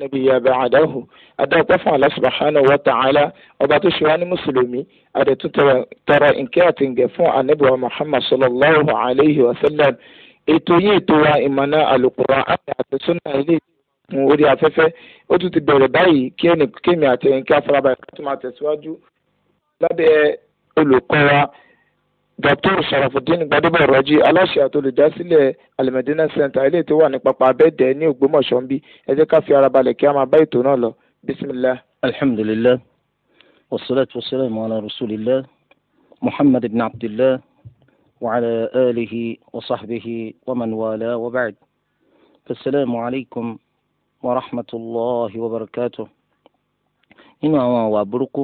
nàbí yaba àdáhù adáàpẹ́ fún Allah subhanahu wa ta'ala ọba tó ṣe wá ní mùsùlùmí àdètú tọrọ nkẹ́ àti ngẹ̀ fún anabi wa muhammad sallallahu alayhi wa sallam ètò yìí ètò wa ìmọ̀nà àlùkùrọ̀ àti àtẹ̀sọ́nà ilé ìfún orí afẹ́fẹ́ ó tún ti bẹ̀rẹ̀ báyìí kí ẹnì kémi àti ẹnì kí afárabà ẹ̀ tó máa tẹ̀síwájú lábẹ́ olùkọ́ dr sharafudin gbadebo ọrọjì aláṣẹ àtolùdásílẹ̀ alimẹdínà center ilé tó wà ní pápá abẹ́dẹ̀ ní ògbómọ̀ṣọ́ ń bí ẹ jẹ́ ká fi ara balẹ̀ kí a máa bá ètò náà lọ bisimilah. alhamdulilah wasalaatu wasalaamu ala rasulillah muhammad ibn abdillah wa ala alihi wa sahbihi wa man wala wa ba'd asalaamu alaykum wa rahmatulahi wa barakatuh. nínú àwọn àwà burúkú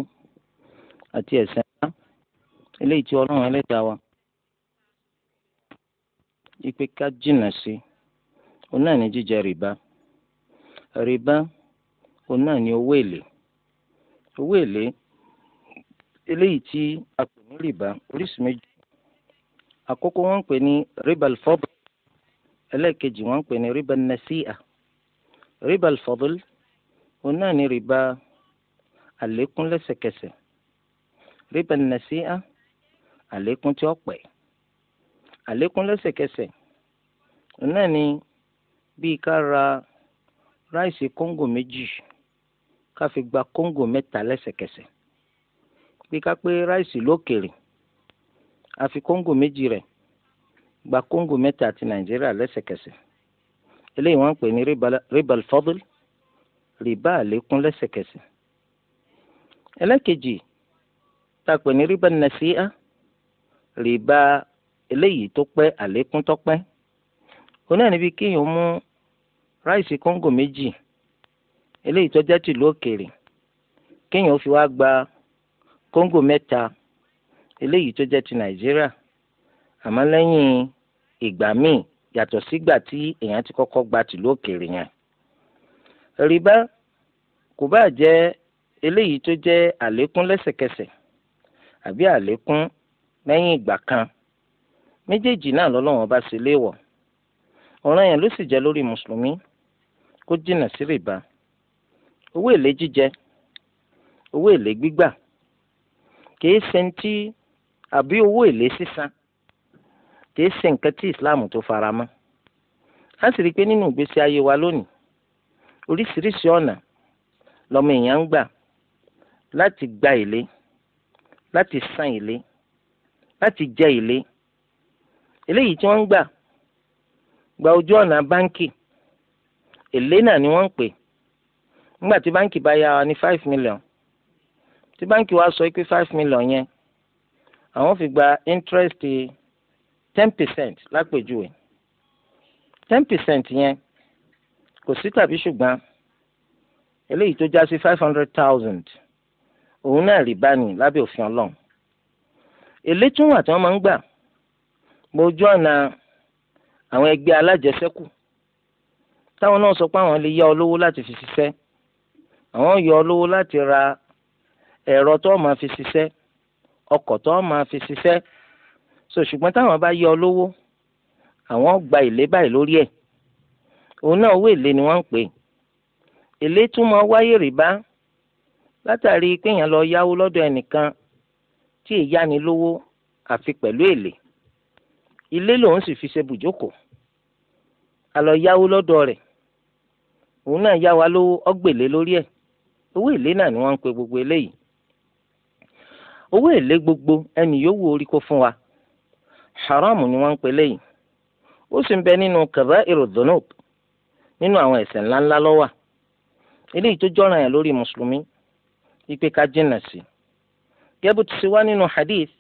àti ẹ̀sẹ̀ eléyìí tí ọlọ́run ẹlẹ́dàá wa ipe ká jìnnà sí òun náà ní jíjẹ rìbá rìbá òun náà ní owó èlé owó èlé eléyìí tí a pè ní rìbá oríṣi méjì àkókò wọ́n ń pè ní ribal fadl ẹlẹ́ẹ̀kejì wọ́n ń pè ní ribal nasi'a ribal fadl òun náà ní rìbá àlékún lẹ́sẹ̀kẹsẹ̀ ribal nasi'a àlékún tí ó pẹ́ àlékún lẹ́sẹ̀kẹsẹ̀ náà ni bíi ká ra ráìsì kóńgò méjì ká fi gba kóńgò mẹ́ta lẹ́sẹ̀kẹsẹ̀ bí ká pé ráìsì lókèrè a fi kóńgò méjì rẹ̀ gba kóńgò mẹ́ta àti nàìjíríà lẹ́sẹ̀kẹsẹ̀ eléyìí wọ́n ń pè ní ribal fadl rìbá àlékún lẹ́sẹ̀kẹsẹ̀ ẹlẹ́kejì tá a pè ní ribal nasi'a rìbá eléyìí tó pẹ́ àlékún tó pẹ́ òun náà níbi kéèyàn mú ráìsì kóńgò méjì eléyìí tó jẹ́ tìlú òkèèrè kéèyàn fi wá gba kóńgò mẹ́ta eléyìí tó jẹ́ ti nàìjíríà àmọ́ lẹ́yìn ìgbà míì yàtọ̀ sígbà tí èèyàn ti kọ́kọ́ gba tìlú òkèèrè yẹn rìbá kò bá jẹ́ eléyìí tó jẹ́ àlékún lẹ́sẹ̀kẹsẹ̀ àbí àlékún lẹ́yìn ìgbà kan méjèèjì náà lọ́lọ́wọ́n bá ṣe léèwọ̀ ọ̀ràn yẹn ló sì jẹ́ lórí mùsùlùmí kó jìnnà sí rìbá owó èlé jíjẹ owó èlé gbígbà kìí ṣe ń tí àbí owó èlé sísan kìí ṣe nǹkan tí Islam tó fara mọ́ a sì rí i pé nínú ìgbésí ayé wa lónìí oríṣiríṣi ọ̀nà lọ́mọ èèyàn ń gbà láti gba èlé láti san èlé láti jẹ èlé eléyìí tí wọ́n ń gbà gba ojú ọ̀nà báńkì èlé náà ni wọ́n ń pè nígbà tí báńkì bá yá wa ní five million tí báńkì wa sọ pé five million yẹn àwọn fi gba interest ten percent lápèjúwe ten percent yẹn kò sí tàbí ṣùgbọ́n eléyìí tó já sí five hundred thousand òun náà rìbá ni lábẹ́ òfin ọlọ́run èlé tún wà tí wọ́n máa ń gbà bójú ọ̀nà àwọn ẹgbẹ́ alájẹsẹ́kù táwọn náà sọ pé àwọn lè yá ọ lówó láti fi ṣiṣẹ́ àwọn yọ ọ lówó láti ra ẹ̀rọ tó máa fi ṣiṣẹ́ ọkọ̀ tó máa fi ṣiṣẹ́ so ṣùgbọ́n táwọn bá yá ọ àwọn gba èlé báyìí lórí ẹ̀ òun náà owó èlé ni wọ́n ń pè èlé tún máa wáyé rìbá látàrí pé èèyàn lọ yáwó lọ́dọ̀ ẹnìkan tí èyáni lówó àfi pẹ̀lú èlé ilé lòun sì fi ṣe bùjókò àlọ́ yáwó lọ́dọ̀ rẹ̀ òun náà yá wa lówó ọgbèlé lórí ẹ̀ owó èlé náà ni wọ́n ń pe gbogbo eléyìí owó èlé gbogbo ẹni yòówù orí kó fún wa haramu ni wọ́n ń pe eléyìí ó sì ń bẹ nínú kaba'iru dhunub nínú àwọn ẹ̀ṣẹ̀ ńláńlá ló wà eléyìí tó jọ̀ràn yẹn lórí mùsùlùmí ipe ká jìnnà sí i gẹ́bù ti wá nínú hadith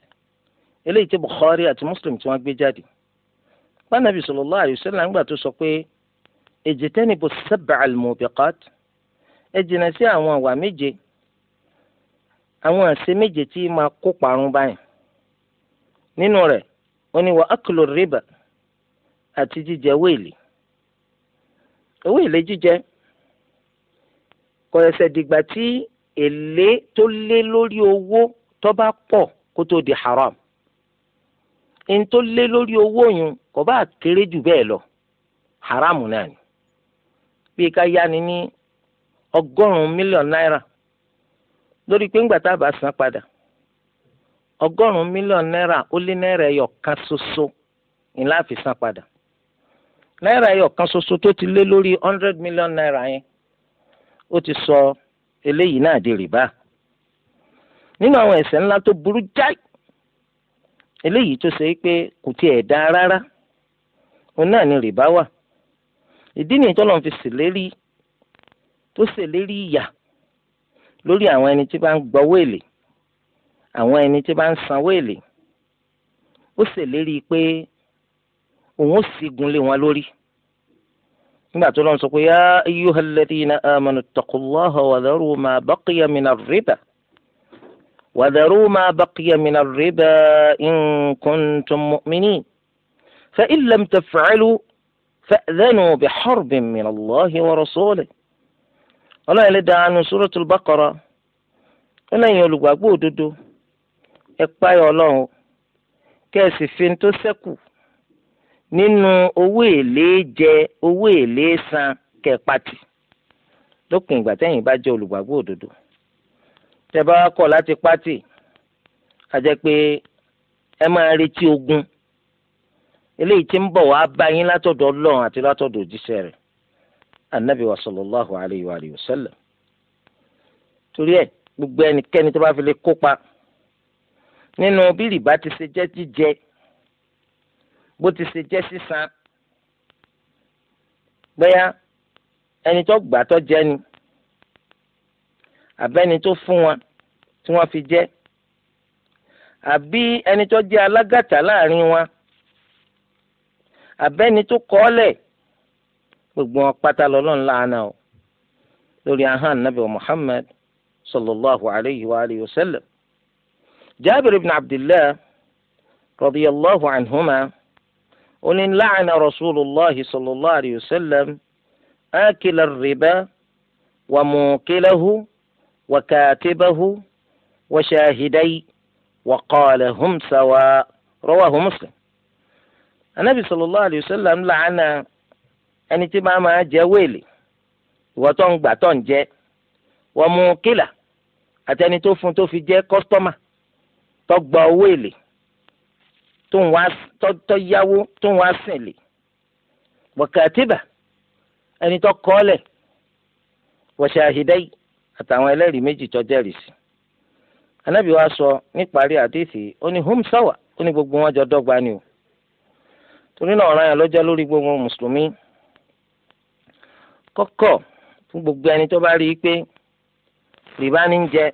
eléyìí tí Bukhari àti Muslim tí wọ́n gbé jáde pànàbí sallallahu alaihi wasallam nígbà tó sọ pé ijtanibu sab'al mubiqat ẹ jìnnà sí àwọn àwà méje àwọn àṣe méje tí máa kó parun báyìí nínú rẹ̀ ó ní wa aklu riba àti jíjẹ wéèlì owó jíjẹ kò ẹsẹ̀ dìgbà tí èlé tó lé lórí owó tọba pọ pọ̀ kó tó di haram ẹni tó lé lórí owó yun kò bá kéré jù bẹ́ẹ̀ lọ haram náà ni bí ká yáni ní ọgọ́rùn-ún mílíọ̀nù náírà lórí pé ńgbà tá a bá san padà ọgọ́rùn-ún mílíọ̀nù náírà ó lé náírà ẹyọ kan ṣoṣo ni la fi san padà náírà ẹyọ kan ṣoṣo tó ti lé lórí hundred million naira yẹn ó ti sọ eléyìí náà di rìbá. nínú àwọn ẹ̀ṣẹ̀ ńlá tó burú jáì eléyìí tó ṣe pé kò tiẹ̀ dáa rárá òun náà ni rìbá wà ìdí nìyí tó lọ́n fi ṣèlérí tó ṣèlérí ìyà lórí àwọn ẹni tí bá ń gbọ́wọ́ èlé àwọn ẹni tí bá ń sanwó èlé ó ṣèlérí pé òun ó lé wọn lórí nígbà tó lọ́n sọ pé yá وذروا ما بقي من الربا إن كنتم مؤمنين فإن لم تفعلوا فأذنوا بحرب من الله ورسوله ọlọ́run ẹlẹ́dàá anu suratul Baqara ó lẹ́yìn olùgbàgbọ́ òdodo ẹ páyọ ọlọ́run kẹ́ẹ̀sì fi tó sẹ́kù nínú owó èlé jẹ owó èlé san kẹ́ẹ̀pàtì lópin ìgbà tẹ́yìn bá jẹ́ olùgbàgbọ́ òdodo tẹ́ bá kọ̀ láti pátì a jẹ́ pé ẹ máa retí ogun eléyìí tí ń bọ̀ wá bá yín látọ̀dọ̀ ọlọ́run àti látọ̀dọ̀ òjíṣẹ́ rẹ̀ anabi wa sallallahu alayhi wa alihi wa sallam torí ẹ gbogbo ẹnikẹ́ni tó bá fi lè kópa nínú bí rìbá ti ṣe jẹ́ jíjẹ bó ti ṣe jẹ́ sísan bẹ́yà ẹni tó gbà tó jẹ́ ni àbẹ́ni tó fún wọn tí wọ́n fi jẹ́ àbí ẹni tó jẹ́ alágàtà láàrin wọn àbẹ́ni tó kọ́ọ́lẹ̀ gbogbo wọn pátá lọ́lọ́run láàánà o lórí ahán nabi muhammad sallallahu alayhi wa alayhi wa sallam jaabir ibn abdillah radiyallahu anhuma oní láàánà rasulillah sallallahu alayhi wa sallam akila riba wa mukilahu. وكاتبه وشاهدي وقال هم سواء رواه مسلم النبي صلى الله عليه وسلم لعن ẹni tí máa máa jẹ wéèlì ìwọ tó ń gbà tó ń jẹ wọ́n mú kílà àti ẹni tó fún tó fi jẹ kọ́sítọ́mà tó gba wéèlì tó ń wá tó yáwó tó ń wá sìnlè wọ̀kàtìbà ẹni tó kọ́lẹ̀ wọ̀ṣàhídẹ́yì àtàwọn ẹlẹ́rìí méjì tó jẹ́rìí sí anábì wa sọ níparí àdéhìí ó ní hum sawa ó ní gbogbo wọn jọ dọ́gba ni o torí náà ọ̀ranyàn ló jẹ́ lórí gbogbo mùsùlùmí kọ́kọ́ fún gbogbo ẹni tó bá rí i pé rìbá ní ń jẹ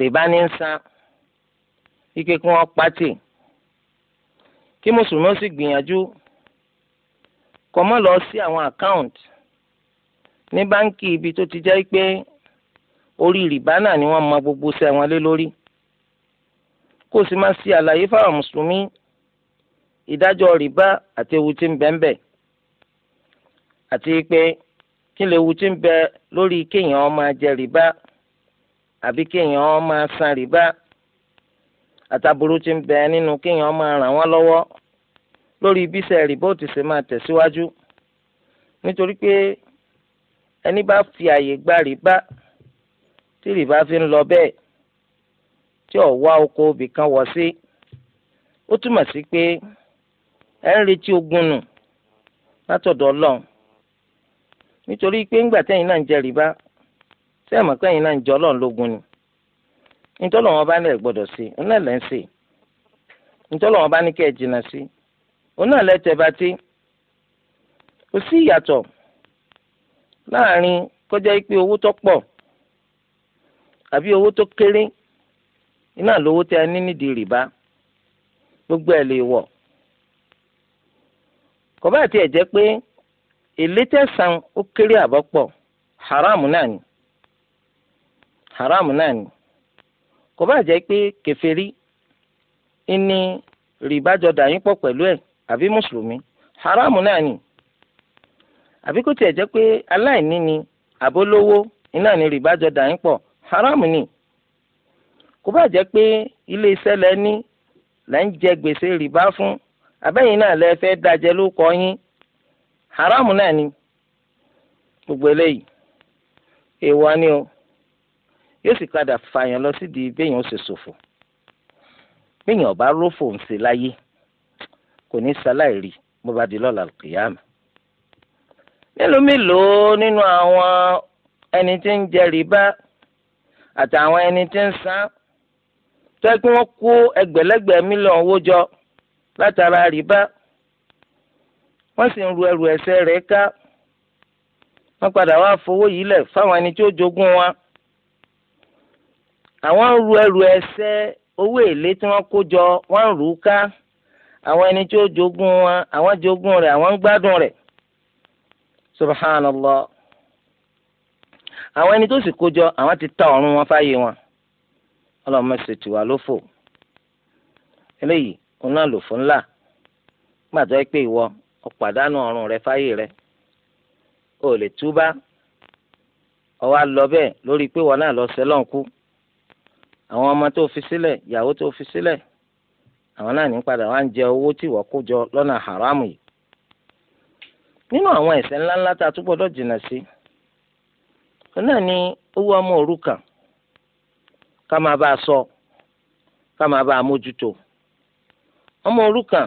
rìbá ní ń san ike kí wọ́n pàtì kí mùsùlùmí ó sì gbìyànjú kó má lọ sí àwọn àkáùntì ní báńkì ibi tó ti jẹ́ pé orí rìbá náà ni wọ́n mọ gbogbo iṣẹ́ wọn lé lórí kó o sì máa ṣe àlàyé fáwọn mùsùlùmí ìdájọ́ rìbá àti ewu tí ń bẹ ń bẹ àti pé kí lè ewu tí ń bẹ lórí kéèyàn máa jẹ rìbá àbí kéèyàn máa san rìbá àtàbùrú tí ń bẹ nínú kéèyàn máa ràn wọ́n lọ́wọ́ lórí bíṣẹ́ rìbá ó ti ṣe máa tẹ̀síwájú nítorí pé ẹni bá fi àyè gba rìbá tí rìbá fi ń lọ bẹ́ẹ̀ tí ò wá oko òbí kan wọ̀ sí ó túmọ̀ sí pé ẹ̀ ń retí ogun nù látọ̀dọ̀ ọlọ́run nítorí pé ńgbà tẹ́yìn náà ń jẹ rìbá ṣé ẹ̀ mọ̀ pẹ́yìn náà ń jẹ ọlọ́run lógun ni nítorí wọn bá ní ẹ̀ gbọ́dọ̀ sí i ọ̀nà ẹ̀ ń sè nítorí wọn bá ní kẹ́ ẹ̀ jìnnà sí i ọ̀nà ẹ̀ lẹ́tẹ̀ẹ́ bá ti kò sí ìyàtọ̀ láàrin kọjá pé owó tó pọ̀ àbí owó tó kéré iná lówó tí a ní nídìí rìbá gbogbo ẹ̀ lè wọ̀ kọ̀bá àti ẹ̀ jẹ́ pé èlé tẹ̀sán ó kéré àbọ̀pọ̀ haram náà ni haram náà ni kọ̀bá jẹ́ pé kèfèrí ìní rìbá jọ dà yín pọ̀ pẹ̀lú àbí mùsùlùmí haram náà ni àbí kó tiẹ̀ jẹ́ pé aláìní ni àbólówó iná ni rìbá jọ dà yín pọ̀ haram ni kó bá jẹ́ pé ilé iṣẹ́ lẹ ní lẹ́ ń jẹ gbèsè rìbá fún abẹ́yìn náà lẹ fẹ́ dajẹ́ ló kọ́ yín haram náà ni gbogbo eléyìí èèwọ̀ ni o yóò sì padà fààyàn lọ sídìí béèyàn ó sì ṣòfò béèyàn ọba rófò ń ṣe láyé kò ní sáláì rí bó ba di lọ́la kìyàmù mélòó mélòó nínú àwọn ẹni tí ń jẹ rìbá àtàwọn ẹni tí ń san tẹ́ kí wọ́n kó ẹgbẹ̀lẹ́gbẹ̀ mílíọ̀n owó jọ látara rìbá wọ́n sì ń ru ẹrù ẹ̀ṣẹ̀ rẹ̀ ká wọ́n padà wá fowó yìí lẹ̀ fáwọn ẹni tí ó jogún wa àwọn ń ru ẹrù ẹ̀ṣẹ̀ owó èlé tí wọ́n kó jọ wọ́n ń rù ú ká àwọn ẹni tí ó jogún wa àwọn jogún rẹ̀ àwọn ń gbádùn rẹ̀ subhanallah àwọn ẹni tó sì kójọ àwọn ti ta ọ̀run wọn fáyé wọn ọlọ́mọ ṣètò wa ló fò eléyìí òun náà lò fún ńlá gbàtọ́ ẹ pé ìwọ ọ̀pàdánù ọ̀run rẹ fáyé rẹ o lè túbá ọwọ́ á lọ bẹ́ẹ̀ lórí pé wọn náà lọ sẹ́lọ̀n kú àwọn ọmọ tó fi sílẹ̀ ìyàwó tó fi sílẹ̀ àwọn náà ní padà wá ń jẹ owó tí ìwọ kó jọ lọ́nà haramu yìí nínú àwọn ẹ̀ṣẹ̀ ńláńlá tá a tún gbọ́dọ̀ jìnnà sí náà ni owó ọmọ òrukàn ká máa bá a sọ ká máa bá a mójútó ọmọ òrukàn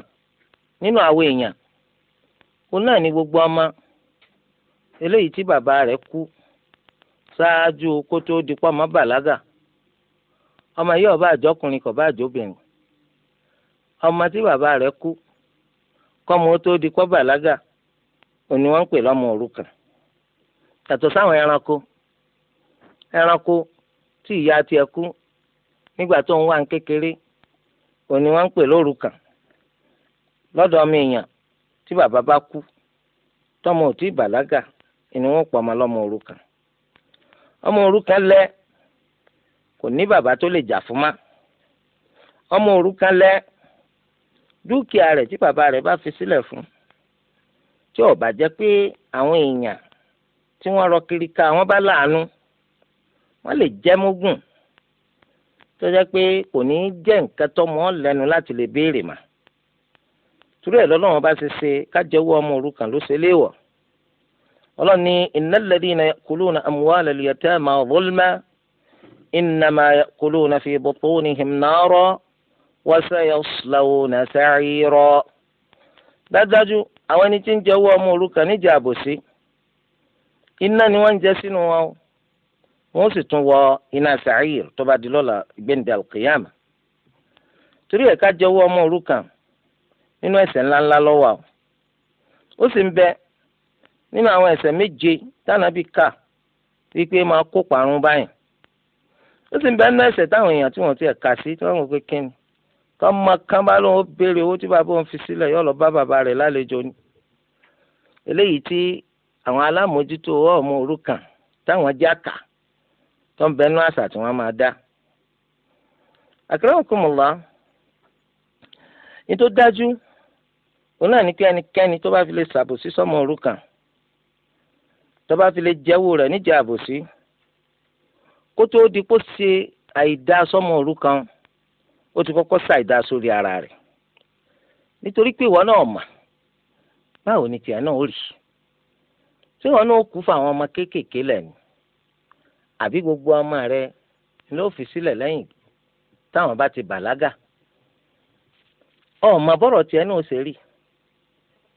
nínú àwọn èèyàn òun náà ni gbogbo ọmọ eléyìí tí bàbá rẹ̀ kú ṣáájú kó tó di pọ́ ọmọ bàlágà ọmọ yìí ọba àjọkùnrin kò bá àjọbìnrin ọmọ tí bàbá rẹ̀ kú kọ́mọ tó di bàlágà òní wọ́n ń pè lọ́mọ òrukàn yàtọ̀ sáwọn ẹranko ẹranko tí ìyá tiẹ̀ kú nígbà tó ń wá ní kékeré òní wọ́n ń pè lọ́dọ̀ ọmọ èèyàn tí bàbá bá kú tọmọ ò tí bàlágà ọmọ ọmọ tí ó bá jẹ́ pé àwọn èèyàn tí wọ́n rọ kiri ká wọ́n bá láàánú wọ́n lè jẹ́ mógùn tó jẹ́ pé kò ní í jẹ́ nǹkan tó mọ́ lẹ́nu láti lè béèrè mà turu ẹ̀ lọ́lọ́run bá ṣe ṣe kájẹ́wọ́ ọmọ òrukàn ló ṣe léèwọ̀ ọlọ́run ní innal ladhina ya'kuluna amwala al-yatama zulma innama ya'kuluna fi butunihim nara wa sayaslawna sa'ira dájúdájú àwọn ẹni tí ń jẹ owó ọmọ òrukàn níjà àbòsí iná ni wọ́n ń jẹ sínú wọn o wọ́n sì tún wọ iná sàáyìr tó bá di lọ́la gbẹ̀ǹdé alkiyama torí ẹ̀ka jẹ owó ọmọ òrukàn nínú ẹ̀ṣẹ̀ ńláńlá lọ́wọ́ o ó sì ń bẹ nínú àwọn ẹ̀ṣẹ̀ méje tánàbí kà wípé máa kó parun báyìí ó sì ń bẹ nínú ẹ̀ṣẹ̀ táwọn èèyàn tí wọ́n ti ẹ̀ka sí tí wọ́n mọ̀ pé kíni tọ́mọ kan bá lóun béèrè owó tí bàbá òun fi sílẹ̀ yóò lọ bá bàbá rẹ̀ lálejò ni eléyìí tí àwọn alámòójútó ọmọ òrukàn táwọn jáka tó ń bẹnu àṣà tí wọ́n máa dá àkàràwọ̀kùnmọ̀lá ní tó dájú òun náà ní pé ẹnikẹ́ni tó bá fi lè ṣàbòsí sọ́mọ òrukàn tó bá fi lè jẹ́wọ́ rẹ̀ níjà àbòsí kó tóó di kó ṣe àìdá sọ́mọ òrukàn ó ti kọ́kọ́ ṣàìdá sórí ara rẹ̀ nítorí pé ìwọ náà mà báwo ni tìyà náà ó rí ṣé ìwọ náà ó kú fún àwọn ọmọ kéékèèké lẹ́nu àbí gbogbo ọmọ rẹ ló fi sílẹ̀ lẹ́yìn táwọn bá ti bàlágà ọmọ bọ́rọ̀ tiẹ̀ náà ṣe rí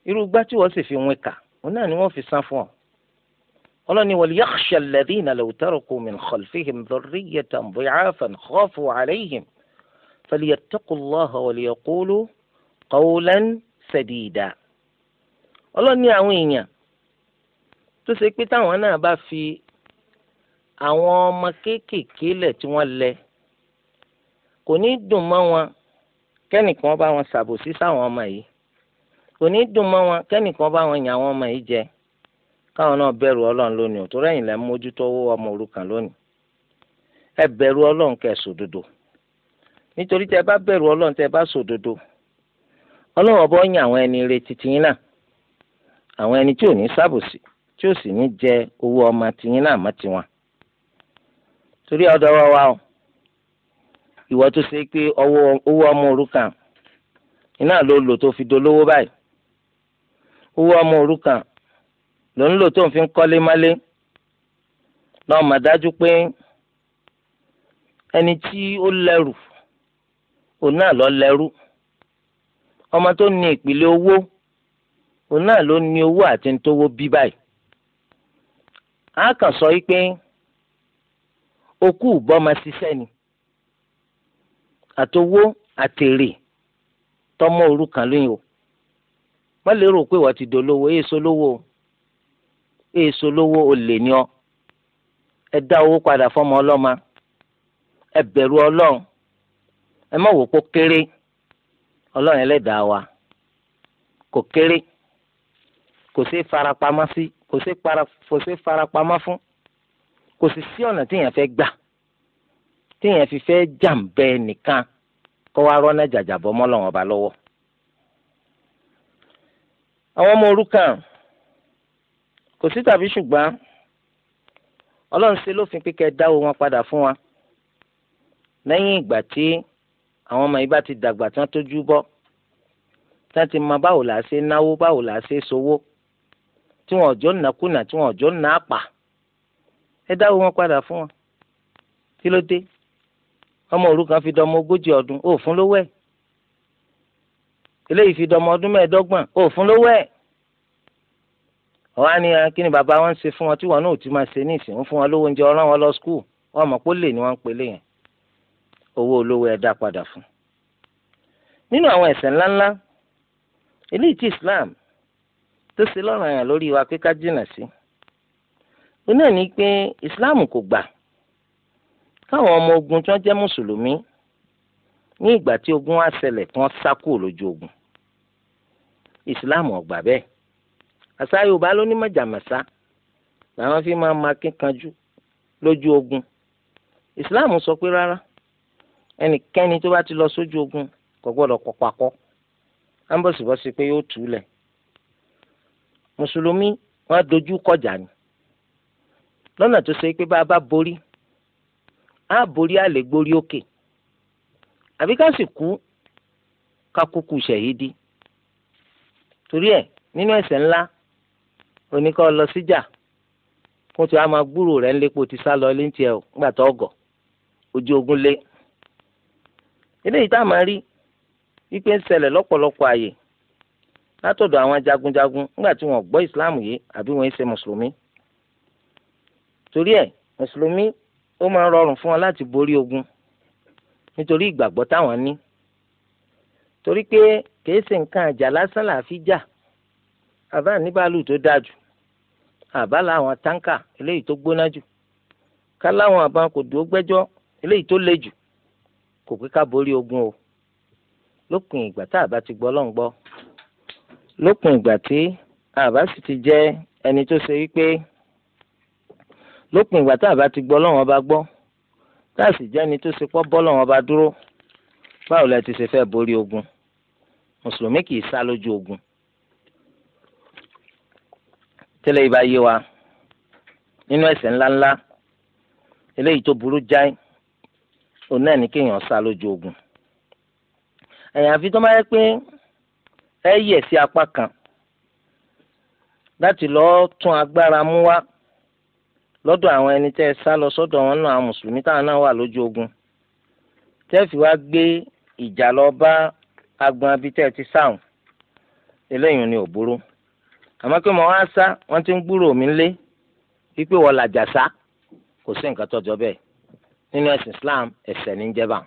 irú gbá tí wọ́n sì fi wín kà òun náà ni wọ́n fi san fún ọ ọlọ́ni wal-yakhsha alladhina law taraku min khalfihim dhurriyyatan dhi'afan khafu 'alayhim. فليتقوا الله وليقولوا قولا سديدا ọlọ́run ní àwọn èèyàn tó ṣe pé táwọn náà bá fi àwọn ọmọ kéékèèké lẹ̀ tí wọ́n lẹ̀ kò ní dùn mọ́ wọn kẹ́nìkan bá wọn ṣàbòsí sáwọn ọmọ yìí kò ní dùn mọ́ wọn kẹ́nìkan bá wọn yàn àwọn ọmọ yìí jẹ káwọn náà bẹ̀rù ọlọ́run lónìí ò tó rẹ̀yìn lẹ́ mójútó owó ọmọ òrukàn lónìí ẹ bẹ̀rù ọlọ́run kẹsùn dodo. nítorí tẹ bá bẹ̀rù ọlọ́run tẹ bá sòdodo ọlọ́run ọbọ̀ àwọn ẹni retí tìyín náà àwọn ẹni tí ò ní sábòsí tí ò sì ní jẹ owó ọmọ tìyín náà mọ́ tiwọn. torí ọdọ wa wa o ìwọ tó ṣe pé owó ọmọ òrukàn iná ló lò tó fi dolówó báyìí owó ọmọ òrukàn ló ń lò tó ń fi kọ́lé mọ́lé náà mà dájú pé ẹni tí ó lẹ́rù òun náà lọ lẹ́rú ọmọ tó ní ìpìlẹ̀ owó òun náà ló ní owó àti ntówó bí báyìí a kàn sọ yìí pé okú bọ́mọ ṣiṣẹ́ ni àtowó àtèrè tọmọ òrukàn lóyún o wọ́n lérò pé wọ́n ti dolówó èso lówó èso lówó olè ni ọ ẹ dá owó padà fọmọ ọlọ́mọ ẹ bẹ̀rù ọlọ́run ẹ má wò ó kó kéré ọlọ́run ẹlẹ́dàá wa kò kéré kò sí farapamọ́ sí kò sí para kò sí farapamọ́ fún kò sì sí ọ̀nà téèyàn fẹ́ gbà téèyàn fi fẹ́ jàǹbẹ́ nìkan kó wá rọ́nà jàjàbọ́ mọ́lọ́wọ́n ọba lọ́wọ́. àwọn ọmọ òrukàn kò sí tàbí ṣùgbọ́n ọlọ́run ṣe lófin pé kẹ́ ẹ dáwó wọn padà fún wa lẹ́yìn ìgbà tí àwọn ọmọ yìí bá ti dàgbà tán tójú bọ́ tá ti mọ báwo là á ṣe náwó báwo là á ṣe sowó tí wọn ọjọ́ nàkúnà tí wọn ọjọ́ nà àpà ẹ dáwọ́ wọn padà fún wọn kí ló dé ọmọ òrukàn fi dọmọ ogójì ọdún ó fún lówó ẹ̀ eléyìí fi dọmọ ọdún mẹ́ẹ̀ẹ́dọ́gbọ̀n ó fún lówó ẹ̀ ọ̀hán ni kí ni bàbá wọn ṣe fún wọn tí wọn náà ti máa ṣe nísìnyí fún wọn lówó oúnjẹ ọ̀ràn owó olówó ẹ dá padà fún nínú àwọn ẹ̀ṣẹ̀ ńláńlá eléyìí tí Islam tó ṣe lọ́rùn àyàn lórí wa pé ká jìnnà sí ó náà ní pé Islam kò gbà káwọn ọmọ ogun tí wọ́n jẹ́ mùsùlùmí ní ìgbà tí ogun wá ṣẹlẹ̀ kí wọ́n sá kúrò lójú ogun Islam ò gbà bẹ́ẹ̀ àṣà Yorùbá ló ní mọ̀jàmọ̀sá làwọn fi máa ma kíkanjú lójú ogun Islam sọ pé rárá ẹnikẹ́ni tó bá ti lọ sójú ogun kò gbọ́dọ̀ kọ́ pakọ́ ambọ̀sibọ́sí pé yóò tù ú lẹ̀ mùsùlùmí wọn dojú kọjà ni lọ́nà tó ṣe pé bá a bá borí a borí a lè gborí òkè àbí ká sì kú ká kúkú ṣẹ̀yídì torí ẹ̀ nínú ẹ̀ṣẹ̀ ńlá oníkọ́ lọ síjà kó tó a máa gbúrò rẹ̀ ńlẹ́pọ̀ ti sá lọ léńtì ẹ̀ nígbà tó ọgọ̀ ojú ogun lé eléyìí tá a máa rí wípé ń ṣẹlẹ̀ lọ́pọ̀lọpọ̀ àyè látọ̀dọ̀ àwọn jagunjagun nígbà tí wọ́n gbọ́ ìsìláàmù yìí àbí wọ́n ṣe mùsùlùmí torí ẹ̀ mùsùlùmí ó máa rọrùn fún wọn láti borí ogun nítorí ìgbàgbọ́ táwọn ní torí pé kìí ṣe nǹkan àjà lásán làáfi jà àbá níbàálù tó dáa jù àbá làwọn táǹkà eléyìí tó gbóná jù ká láwọn àbá kò dúró gbẹ́jọ́ eléyìí tó le jù kò pé ká borí ogun o lópin ìgbà tá a bá ti gbọ́ lọ́n gbọ́ lópin ìgbà tí a bá sì ti jẹ́ ẹni tó ṣe wípé lópin ìgbà tá a bá ti gbọ́ lọ́n ọba gbọ́ tá a sì jẹ́ ẹni tó ṣe pọ́ bọ́ lọ́n ọba dúró báwo la ti ṣe fẹ́ borí ogun mùsùlùmí kì í sá lójú ogun tẹ́lẹ̀ ibà yé wa nínú ẹ̀ṣẹ̀ ńláńlá eléyìí tó burú jáì òun náà ní kéèyàn sá lójú ogun àyàfi tó máa yẹ pé ẹ yẹ̀ sí apá kan láti lọ́ọ́ tún agbára mú wá lọ́dọ̀ àwọn ẹni tẹ́ ẹ sá lọ sọ́dọ̀ wọn náà àwọn mùsùlùmí táwọn náà wà lójú ogun tẹ́ fi wá gbé ìjà lọ bá agbọn abí tẹ́ ẹ ti sáhùn eléyìí ni ò burú àmọ́ pé mo wá sá wọ́n ti ń gbúrò mi lé wípé wọ́n làjà sá kò sí nǹkan tọ́jọ́ bẹ́ẹ̀ nínú ẹ̀sìn Islam ẹ̀ṣẹ̀ ní jẹ́bà.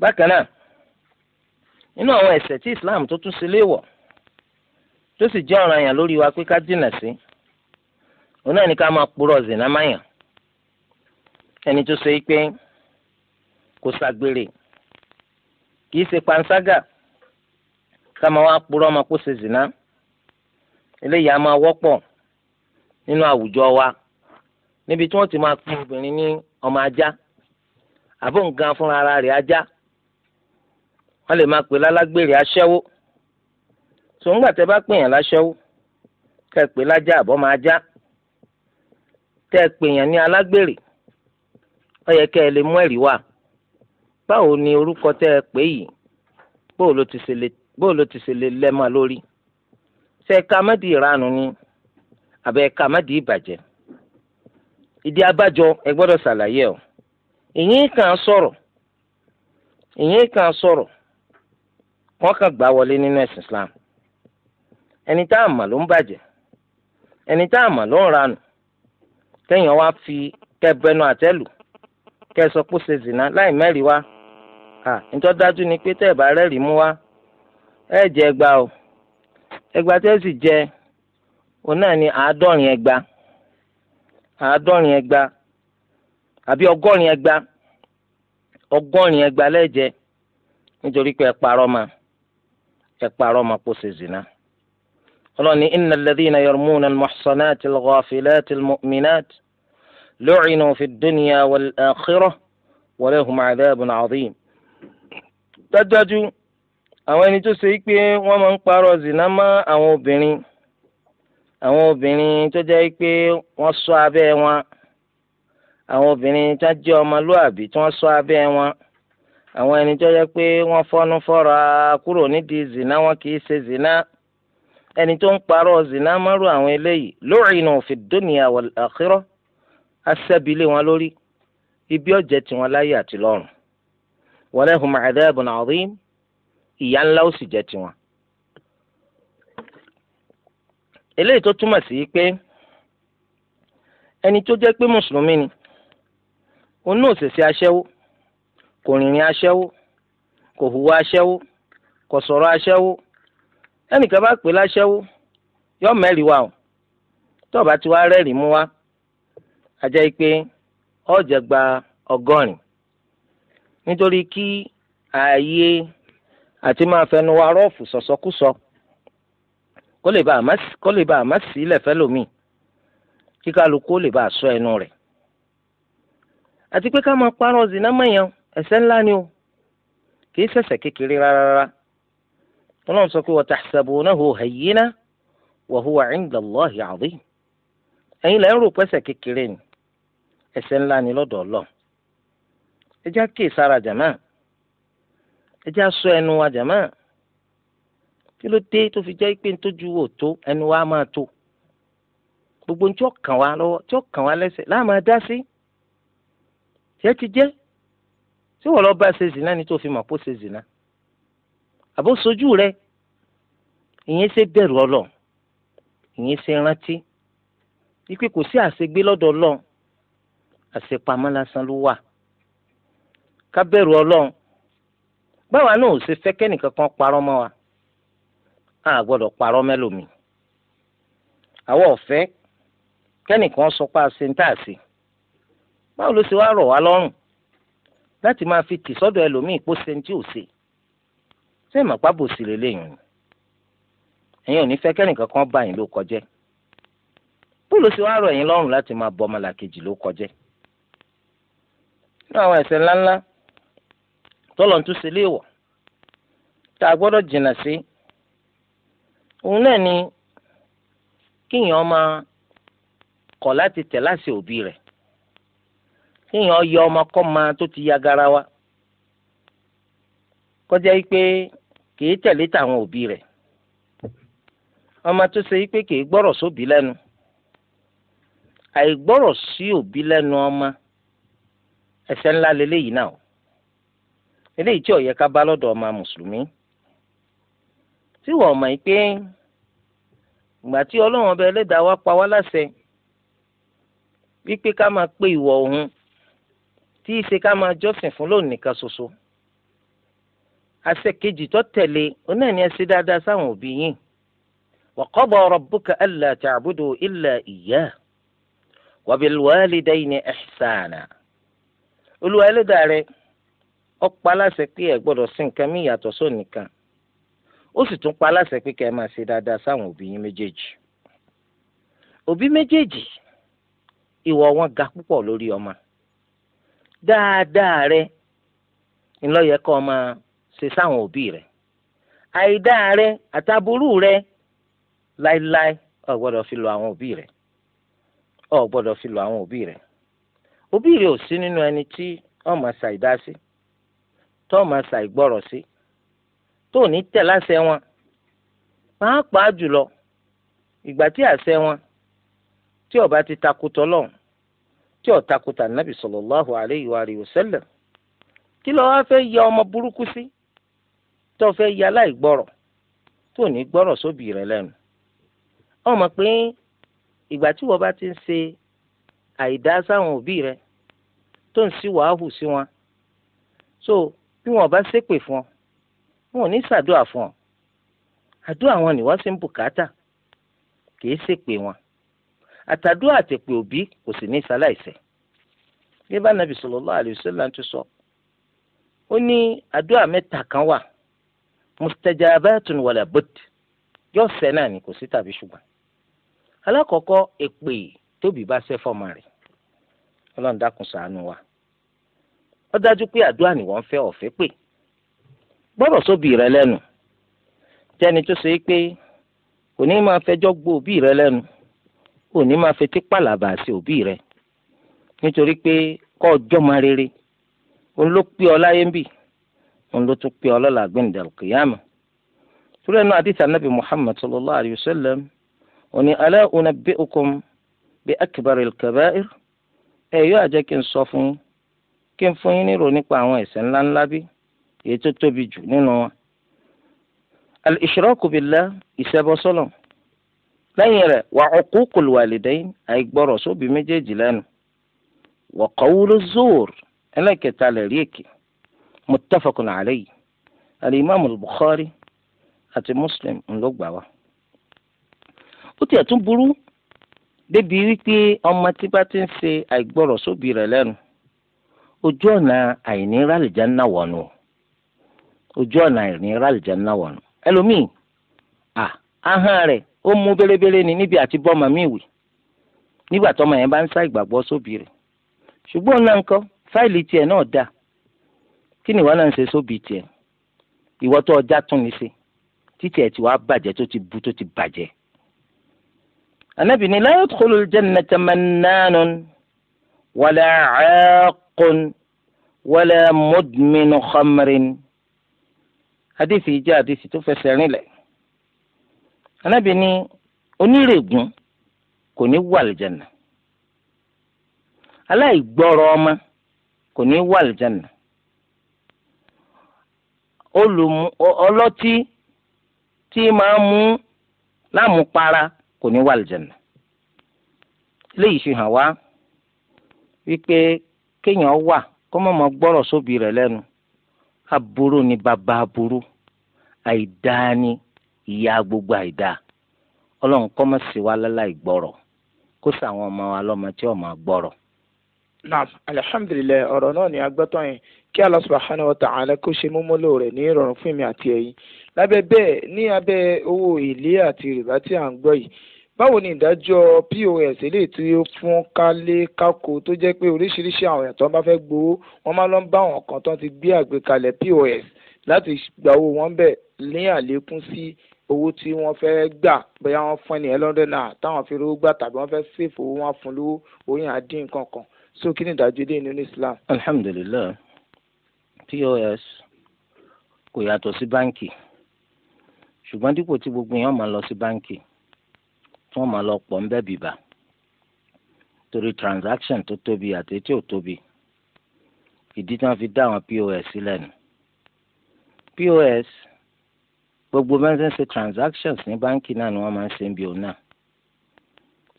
bákan náà nínú àwọn ẹ̀ṣẹ̀ tí Islam tó tún sí léèwọ̀ tó sì jẹ́ ọ̀ràn àyàn lórí wa pé ká dínà sí òun náà ní ká máa purọ́ zina máyàn ẹni tó ṣe pé kò ṣàgbèrè kì ṣe panṣágà ká máa wá purọ́ máa kó ṣe zina eléyìí a máa wọ́pọ̀ nínú àwùjọ wa níbi tí wọ́n ti máa pín obìnrin ní ọmọ ajá àbò nǹkan fúnra ara rẹ̀ ajá wọ́n lè máa pè lálágbèrè aṣẹ́wó tó ń gbà tẹ́ bá pè yàn láṣẹ́wó kẹ́ pè lájá àbọ̀ máa já tẹ́ pè yàn ní alágbèrè ó yẹ kẹ́ ẹ lè mú ẹ̀rí wá báwo ni orúkọ tẹ́ ẹ pè yìí bóò ló ti ṣe lè lẹ́mọ̀ lórí ṣe ká mẹ́dì ìranù ni àbẹ̀ ká mẹ́dì ìbàjẹ́ ìdí abájọ ẹ gbọ́dọ̀ ṣàlàyé ọ ìyín kan sọ̀rọ̀ ìyín kan sọ̀rọ̀ wọn kàn gbà wọlé nínú ẹ̀sìn Islam ẹni tá a mà ló ń bàjẹ́ ẹni tá a mà ló ń ranù kẹ́yìn wá fi kẹbẹnu àtẹ́lù kẹ sọ ṣe zìnà láì mẹ́rìí wá à nítorí dájú ni pé tẹ́ẹ̀ bá rẹ́rìí mú wá ẹ jẹ ẹgbàá o ẹgbàá tẹ́ẹ̀ sì jẹ òun náà ni àádọ́rin ẹgbàá àádọ́rin ẹgba àbí ọgọ́rin ẹgba ọgọ́rin ẹgba lẹ́jẹ̀ nítorí pé ẹ parọ́ ma ẹ parọ́ ma kó ṣe zina ọlọ́ni inna alladhina yarmuna almuhsanati alghafilati almu'minati lu'inu fi dunya wal akhirah wa lahum adhabun adhim dájúdájú àwọn ẹni tó ṣe é pé wọ́n máa ń parọ́ zina mọ́ àwọn obìnrin àwọn obìnrin tó jẹ́ pé wọ́n ṣọ́ abẹ́ wọn àwọn obìnrin tó jẹ́ ọmọlúàbí tí wọ́n ṣọ́ abẹ́ wọn àwọn ẹni tó jẹ́ pé wọ́n fọ́nú fọ́ra kúrò nídìí zina wọn kì í ṣe zina ẹni tó ń parọ́ zina mọ́rù àwọn eléyìí lu'inu fi dunya wal akhirah wọn lórí ibi ọ̀jẹ̀ tiwọn láyé àti lọ́run walahum adhabun adhim ìyà ńlá ó sì jẹ́ tiwọn. eléyìí tó túmọ̀ sí pé ẹni tó jẹ́ pé mùsùlùmí ni òun náà ṣèṣe aṣẹ́wó kò rìnrìn aṣẹ́wó kò hùwà aṣẹ́wó kò sọ̀rọ̀ aṣẹ́wó ẹnìkan bá pè láṣẹ́wó yọ mẹ́rin wa o tó bá ti wá rẹ́rìn mú wa ajá yìí pé ọ̀jẹ̀ gba ọgọ́rin nítorí kí ààyè àti máa fẹnu wa rọ́ọ̀fù sọ̀sọ́kúsọ. So, so, kó lè bá àmà kó lè bá àmà sílẹ̀ fẹ́ lómi kí kálukú lè bá sọ ẹnu rẹ̀ àti pé ká máa parọ́ zina mọ̀yàn ẹ̀ṣẹ̀ ńlá ni o kì í ṣẹ̀ṣẹ̀ kékeré rárá ọlọ́run sọ pé wa tahsabunahu hayyina wa huwa 'inda Allahi 'azim ẹ̀yin lẹ́ rò pẹ́ṣẹ̀ kékeré ni ẹ̀ṣẹ̀ ńlá ni lọ́dọ̀ Ọlọ́run ẹ já kí sára jàmá ẹ já sọ ẹnu wa jàmá kí ló dé tó fi jẹ́ pé nítójú wò tó ẹnu wa máa tó gbogbo ní tí ó kàn wá lọ́wọ́ tí ó kàn wá lẹ́sẹ̀ láàmú dá sí tiẹ́ ti jẹ́ tí wọ́n lọ bá ṣe zina ni tó fi mọ̀ pé ó ṣe zina àbó sojú rẹ ìyẹn ṣe bẹ̀rù ọlọ ìyẹn ṣe rántí ipe kò sí àṣegbé lọ́dọ̀ ọlọ́run àṣepamọ́ lásán ló wà ká bẹ̀rù ọlọ́run báwa náà ò ṣe fẹ́ kẹ́nìkan parọ́ mọ́ wa a gbọ́dọ̀ parọ́ mẹ́lòmíì àwọn ọ̀fẹ́ kẹ́nìkan sọ pé a ṣe ń tà sí báwo ló ṣe wá rọ̀ wá lọ́rùn láti máa fi tì sọ́dọ̀ ẹlòmíì pó ṣe ń tí ò ṣe ṣé ìmọ̀pá bò sí lélẹ́yìn ni ẹ̀yin ò ní fẹ́ kẹ́nìkan kan bá yín ló kọjẹ́ bó ló ṣe wá rọ̀ ẹ̀yin lọ́rùn láti máa bọ ọmọlàkejì ló kọjẹ́ nínú àwọn ẹ̀ṣẹ̀ ńláńlá tọ́lọ̀ ń tún léèwọ̀ tá a gbọ́dọ̀ jìnnà sí. Si òun náà ni kíyàn máa kọ láti tẹ láṣẹ òbí rẹ kíyàn yọ ọmọ kọ ma tó ti ya garawa kọjá yìí pé kìí tẹ̀lé tàwọn òbí rẹ ọmọ tó ṣe yìí pé kìí gbọ́rọ̀ sóbí lẹ́nu àìgbọ́rọ̀ sí òbí lẹ́nu ọmọ ẹ̀ṣẹ̀ ńlá lélẹ́yìí náà eléyìí tí ó yẹ ká bá lọ́dọ̀ ọmọ mùsùlùmí. tí wọ́n mọ̀ pé ìgbà tí ọlọ́run ọba ẹlẹ́dàá wa pa wá láṣẹ wípé ká máa pe ìwọ̀ òun tí í ṣe ká máa jọ́sìn fún lóun nìkan ṣoṣo àṣẹ kejì tó tẹ̀lé oní ẹni dáadáa sáwọn òbí yín wa qada rabbuka alla ta'budu illa iyyah wa bil walidayni olúwa ẹlẹ́dàá rẹ ó láṣẹ pé ẹ gbọ́dọ̀ sìn nǹkan mí yàtọ̀ sóun nìkan ó sì tún pa aláṣẹ pé kẹ́ ẹ máa ṣe dáadáa sáwọn òbí yín méjèèjì òbí méjèèjì ìwọ wọn ga púpọ̀ lórí ọmọ dáadáa rẹ ńlọyẹ kọ́ ọ máa ṣe sáwọn òbí rẹ àìdá rẹ àtàbúrú rẹ láíláí ọ gbọ́dọ̀ fi lọ àwọn òbí rẹ ọ gbọ́dọ̀ fi lọ àwọn òbí rẹ òbí rẹ ò sí nínú ẹni tí ọ ṣàìdá sí tọ́ máa ṣàìgbọ́rọ̀ sí. Si tó ní tẹ̀ láṣẹ wọn pàápàá jùlọ ìgbà tí àṣẹ wọn tí ó ti takùtọ lọhùn tí ó takùtà nàbì sallallahu alayhi wa alihi wa sallam kí ló wá fẹ́ ya ọmọ burúkú sí tó fẹ́ ya aláìgbọ́rọ̀ tó ní gbọ́rọ̀ sóbì rẹ̀ lẹ́nu ọmọ pé ìgbà tí wọ́n bá ti ń ṣe àìdá sáwọn òbí rẹ̀ tó ń sí wàhù sí wọn so bí wọ́n bá ṣépè fún ọ wọn ò ní ṣàdúrà fún ọ àdúrà wọn ni wọ́n sì ń bùkátà kìí ṣe pé wọn àtàdúrà àtẹ̀pẹ̀ òbí kò sì ní ṣaláìsẹ̀ bí bá nàbì sallallahu alaihi wasallam tó sọ ó ní àdúrà mẹ́ta kan wà mustajabatun wala budd yóò ṣẹ náà ni kò sí tàbí ṣùgbọ́n alákọ̀ọ́kọ́ èpè tóbi bá ṣẹ́ fọ́ọ̀mà rẹ̀ ọlọ́run dákun ṣàánú wa ó dájú pé àdúrà ni wọ́n fẹ́ ọ̀fẹ́ pè gbọ́dọ̀ sóbì rẹ lẹ́nu jẹ́ni tó ṣe é pé kò ní máa fẹjọ́ gbọ́ òbí rẹ lẹ́nu kò ní máa fetí pàlàbà sí òbí rẹ nítorí pé kọ́ ọjọ́ máa rere òun ló pé ọ láyé ń bì òun ló tún pé ọ lọ́la gbẹ̀ǹdà kìyàmù turẹ̀ náà àdìsá nàbì Muhammad sallallahu alayhi wa sallam òun ni ala unabbi'ukum bi akbaril kaba'ir ẹ̀ yóò àjẹ́ kí n sọ fún kí n fún yín nírò nípa àwọn ẹ̀ṣẹ̀ ńláńlá bíi èyí tó tóbi jù nínú wọn. al-ishraku billah ìṣẹ́bọsọ́lọ̀ lẹ́yìn rẹ̀ wà uququl walidayn àìgbọ́rọ̀ sóbi méjèèjì lẹ́nu wa qawlu zoor ẹlẹ́kẹta lẹ̀ rí èkì muttafaqun alayhi al-imam al-bukhari àti muslim ńlọgbà wa. ó tiẹ̀ tún burú débi wípé ọmọ tí bá ti ń ṣe àìgbọ́rọ̀ sóbi rẹ̀ lẹ́nu ojú ọ̀nà àìní rálìjà ń náwọ̀ nù. No ojú ọ̀nà ìrìn ràlìjánná wọ̀nù ẹlòmíì à ahọ́n rẹ̀ ó mú bérebére ni níbi àti bọ́ màmí ìwé nígbà tọ́mọ yẹn bá ń sá ìgbàgbọ́ sóbì rẹ̀ ṣùgbọ́n náà ń kọ́ fáìlì tiẹ̀ náà dà kí ni ìwọ náà ń ṣe sóbì tiẹ̀ ìwọ tó ọjà tún ní ṣe títí ẹ̀ tí wàá bàjẹ́ tó ti bu tó ti bàjẹ́ anabi ni la yadkhulu al-jannata mannanun wala aaqun wala hadisi jẹ́ hadisi tó fẹsẹ̀ rinlẹ̀ anábì onírègùn kò ní wà àlìjànnà aláìgbọ́rọ̀ ọmọ kò ní wọ àlìjànnà olùmú ọlọ́tí tí máa mú lámùpara kò ní wà àlìjànnà léyìí fi hàn wá wípé kéèyàn wà kó mọ̀ mọ́ gbọ́rọ̀ sóbì rẹ̀ lẹ́nu aburú ni bàbá aburú àìdáa ni ìyá gbogbo àìdáa ọlọ́run kọ́ mọ̀ sí wa láláì gbọ́rọ̀ kó sàwọn ọmọ wa lọ́mọ tí ọmọ gbọ́rọ̀. naam alihamdulilayi ọ̀rọ̀ náà ni agbọ́tọ̀ yẹn kí Allah subhanahu wa ta'ala kó ṣe múmúlò rẹ̀ ní ìrọ̀rùn fún mi àti ẹ̀yin lábẹ́ bẹ́ẹ̀ ní abẹ́ owó èlé àti rìbá tí à ń gbọ́ yìí báwo ni ìdájọ́ pos eléyìí tí ó fún kálé kákó tó jẹ́ pé oríṣiríṣi àwọn èèyàn tó bá fẹ́ gbowó wọ́n máa lọ ń bá àwọn kan tó ti gbé àgbékalẹ̀ pos láti gba wọn bẹ̀ ní àlékún sí owó tí wọ́n fẹ́ gbà bóyá wọ́n fún ẹnìyẹn lọ́dọ̀ náà táwọn fi rówó gbà tàbí wọ́n fẹ́ sèfò owó wọn fún lówó oyin àdín nǹkan kan so kí ni ìdájọ́ ilé nínú Islam. alhamdulilayi pos kò yàtọ̀ sí báńkì ṣùgbọ́n dípò tí gbogbo yẹn máa lọ sí báńkì fún ọmọ ọlọpọ ń bẹ bìbà torí transaction tó tóbi àti tí ò tóbi ìdí tí wọn fi dá àwọn pos sílẹ̀ nù pos gbogbo bẹ́ẹ̀ ṣe transactions ní báńkì náà ni wọ́n máa ń ṣe ń bí òun náà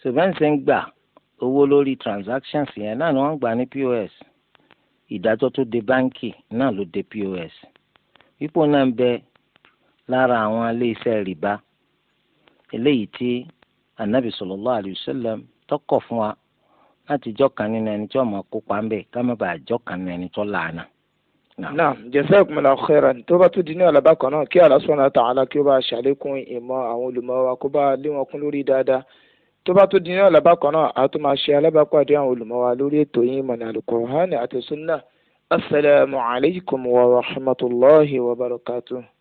so bẹ́ẹ̀ ń gbà owó lórí transactions yẹn náà ni wọ́n ń gbà ní pos ìdájọ́ tó de báńkì náà ló de pos ipò náà ń bẹ lára àwọn ilé iṣẹ́ rìbá eléyìí tí anabi sallallahu alayhi wa sallam tọkọ fún wa láti jọkàn nínú ẹni tí wọn máa kópa ń bẹ ká má bàa jọkàn nínú ẹni tó làánà. naam jazakumullahu khairan tó bá tún di ní àlàbà kan náà kí Allah subhanahu wa ta'ala kí ó bá ṣàlékún ìmọ̀ àwọn olùmọ̀ wa kó bá lé kún lórí dáadáa tó bá tún di ní àlàbà kan náà a tún máa ṣe alábàápàdé àwọn olùmọ̀ wa lórí ètò yìí mọ̀nà al àti sunnah asalaamualeykum wa rahmatulahi wa barakatuh.